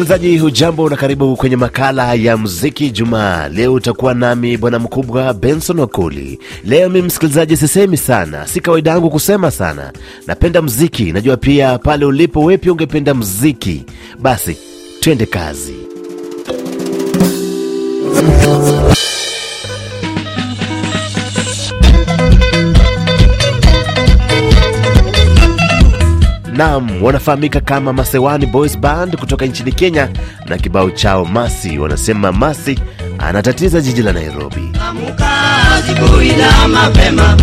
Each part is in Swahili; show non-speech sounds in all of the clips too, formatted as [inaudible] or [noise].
Msikilizaji hujambo na karibu kwenye makala ya muziki Jumaa. Leo utakuwa nami bwana mkubwa Benson Wakuli. Leo mi msikilizaji, sisemi sana, si kawaida yangu kusema sana. Napenda muziki, najua pia pale ulipo wepi ungependa muziki. Basi twende kazi. Naam, wanafahamika kama Masewani Boys Band kutoka nchini Kenya na kibao chao Masi. Wanasema Masi anatatiza jiji la Nairobi. Amka asubuhi na mapema,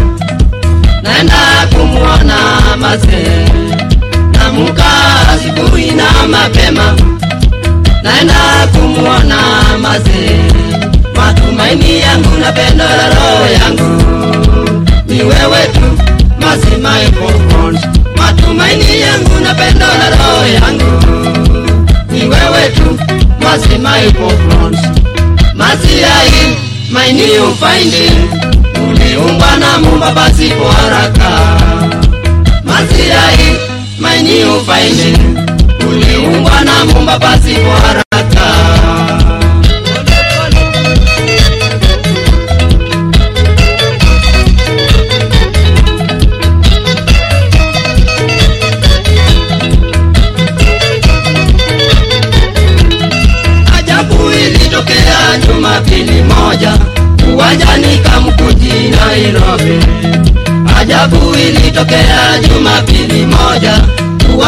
naenda kumwona asubuhi na mapema, naenda kumwona Matumaini yangu na pendo la roho yangu ni wewe tu, my boyfriend Tumaini yangu na pendo la roho yangu ni wewe tu, Mercy my forefront, Mercy I my new finding, uliumba na Muumba pasipo haraka. Mercy I my new finding, uliumba na Muumba pasipo haraka.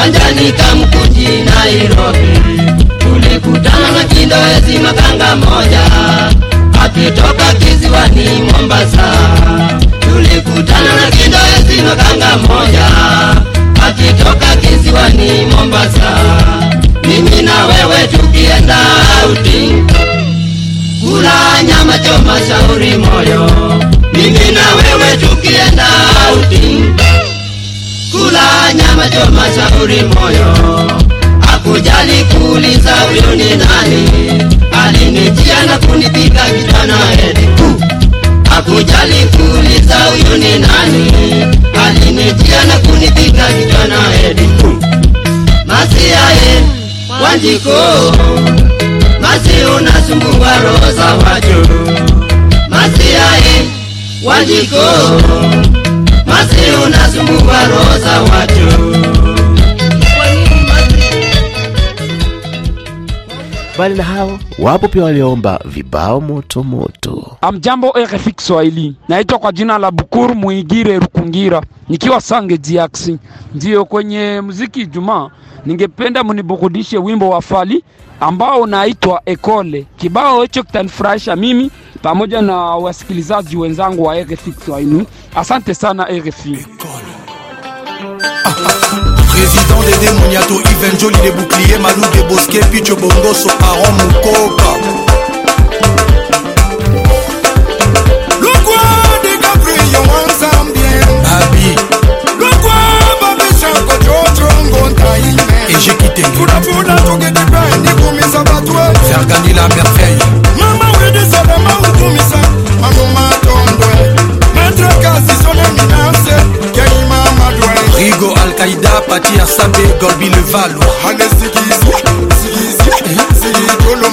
uwanjani Kamkunji Nairobi, tulikutana na kindoezi makanga moja akitoka kiziwani Mombasa, tulikutana na kindoezi makanga moja akitoka kiziwani Mombasa, mimi na wewe tukienda outing kula nyama choma shauri moyo, mimi na wewe tukienda outing nyama choma shauri moyo, akujali kuuliza huyo ni nani, alinijia na kunipiga kitana heli akujali kuuliza huyo ni nani, alinijia na kunipiga kitana heli Masiae Wanjiko, masi unasumbua roho za watu, Masiae Wanjiko bali unasumbua roho za watu. Mbali na hao wapo pia waliomba vibao moto moto. Amjambo RFI Kiswahili, naitwa kwa jina la Bukuru Muigire Rukungira nikiwa Sange Jiaksi. Ndiyo kwenye muziki Ijumaa, ningependa mniburudishe wimbo wa fali ambao unaitwa Ekole. Kibao hicho kitanifurahisha mimi pamoja na wasikilizaji wenzangu wa RFI Kiswahili. Asante sana RFI. [laughs] Président des démoniato Iven Jolie des boucliers Malou des Bosquets Picho Bongoso Aaron Mouko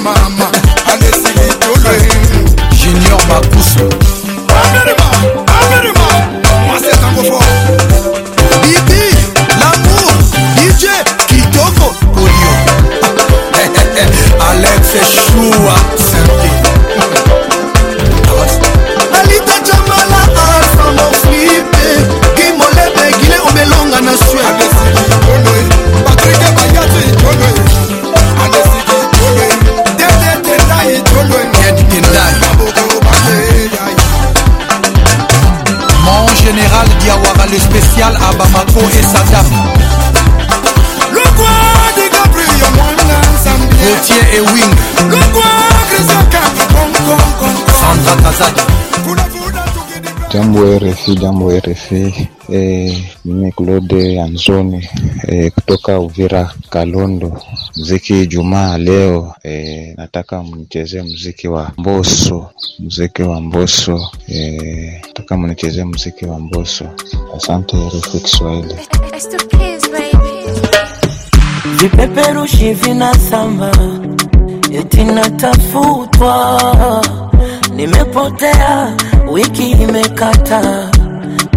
Mamá RFI. Jambo RFI, eh, mimi Claude anzoni e, kutoka Uvira Kalondo. Mziki Jumaa leo e, nataka mnichezee mziki wa Mboso, mziki wa Mboso e, nataka mnichezee mziki wa Mboso. Asante RFI Kiswahili. Vipeperushi vinasamba eti natafutwa, nimepotea Wiki imekata,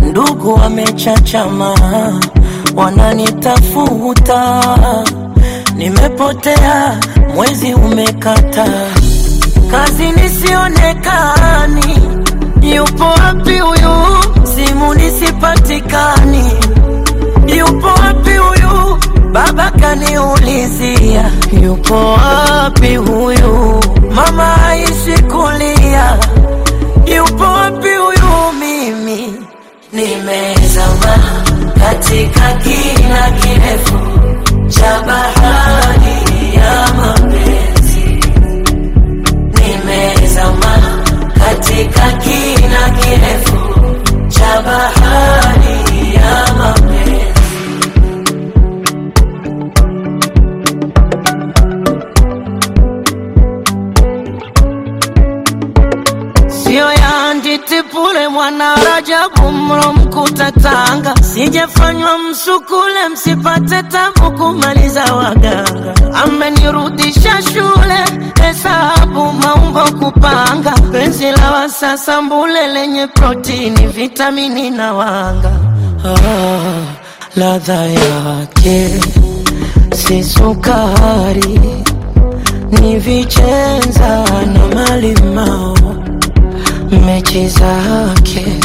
ndugu wamechachama, wananitafuta, nimepotea, mwezi umekata, kazi nisionekani, yupo wapi huyu? Simu nisipatikani, yupo wapi huyu? Baba kaniulizia, yupo wapi huyu? Mama kulia yupo wapi huyu? Mimi nimezama katika kina kirefu cha bahari shukule msipate tabu kumaliza waganga. Amenirudisha shule hesabu, maumbo, kupanga penzi la wasasa, mbule lenye protini, vitamini na wanga. Ah, ladha yake si sukari, ni vichenza na malimao, mechi zake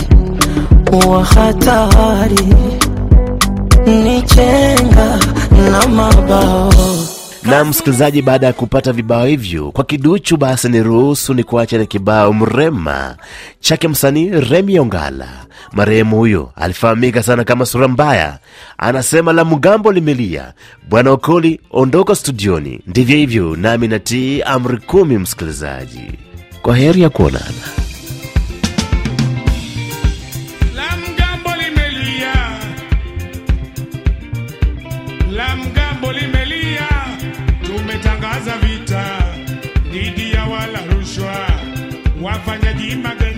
wa hatari nichenga na mabao na msikilizaji, baada ya kupata vibao hivyo kwa kiduchu, basi ni ruhusu ni kuacha na kibao mrema chake msanii Remi Ongala. Marehemu huyo alifahamika sana kama sura mbaya, anasema la mgambo limelia, bwana Okoli ondoka studioni. Ndivyo hivyo, nami natii amri kumi, msikilizaji, kwa heri ya kuonana. la mgambo limelia, tumetangaza vita dhidi ya wala rushwa wafanyaji magari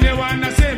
They wanna say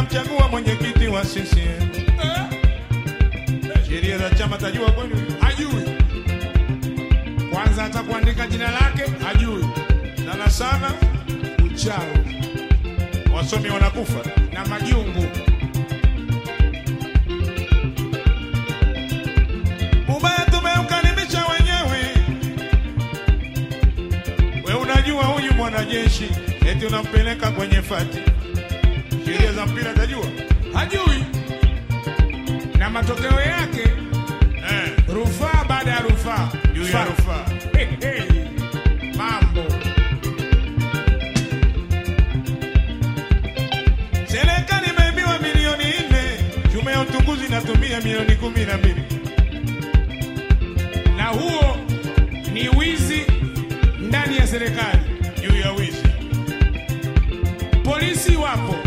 anamchagua mwenyekiti wa eh? Sheria za chama tajua kweli? Hajui. Kwanza hata kuandika jina lake hajui, sana sana uchao, wasomi wanakufa na majungu. Ubaya tumeukaribisha wenyewe. We unajua huyu mwanajeshi eti unampeleka kwenye fati sheria za mpira atajua? Hajui. Na matokeo yake eh, rufaa baada ya rufaa juu ya rufaa Mambo serikali imeambiwa milioni nne, tume ya utunguzi inatumia milioni kumi na mbili na huo ni wizi ndani ya serikali juu ya wizi. Polisi wapo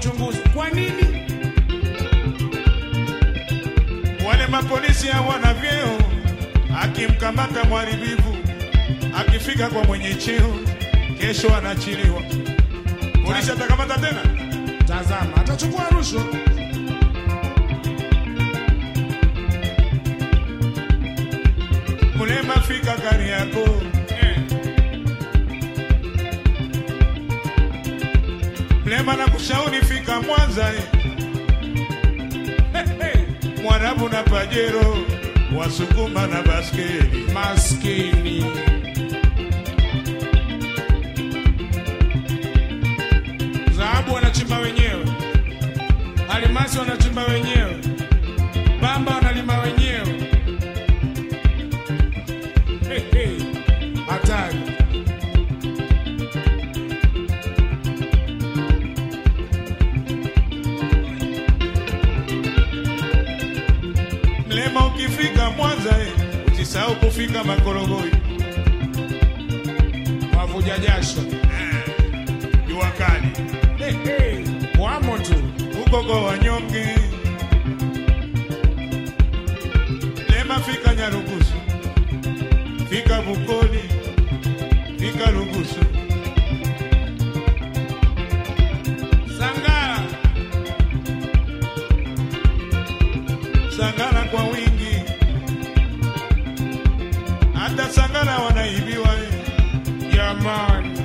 uchunguzi. Kwa nini wale mapolisi hawana vyeo? Akimkamata mharibifu, akifika kwa mwenye cheo, kesho anachiliwa. Polisi atakamata tena? Tazama, atachukua rushwa. Mlema fika Kariakoo mlema na Afrika Mwanza Mwarabu na pajero, Wasukuma na baskeli maskini. Dhahabu wanachimba wenyewe, almasi wanachimba kama korogoi, mavuja jasho, jua kali, wamo tu ugogo wanyonge, lema fika Nyarugusu, fika bukoni fika Rugusu man.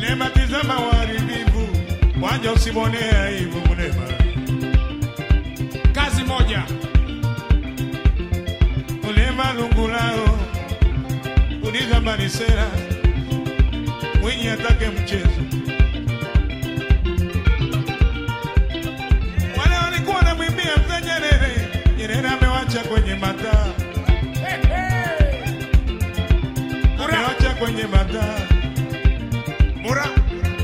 Lema tizama waribivu, wanja usibonea aibu mlema. Kazi moja. Ulema lungu lao, unizamba ni mwinyi atake mchezo. Ameacha kwenye mata ameacha kwenye mata Mura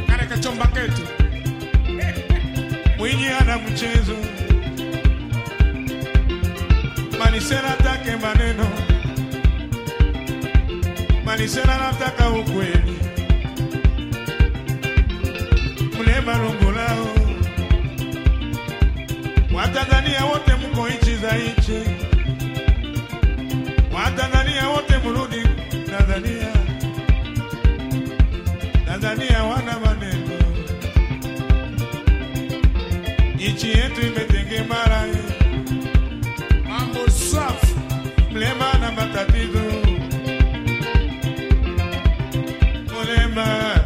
katika chomba ketu, Mwinyi ana mchezo, manisera take maneno, manisera nataka ukweli, mne malongo Watanzania Tanzania wana maneno, nchi yetu imetengemara, mambo safi, mlema na matatizo, mlema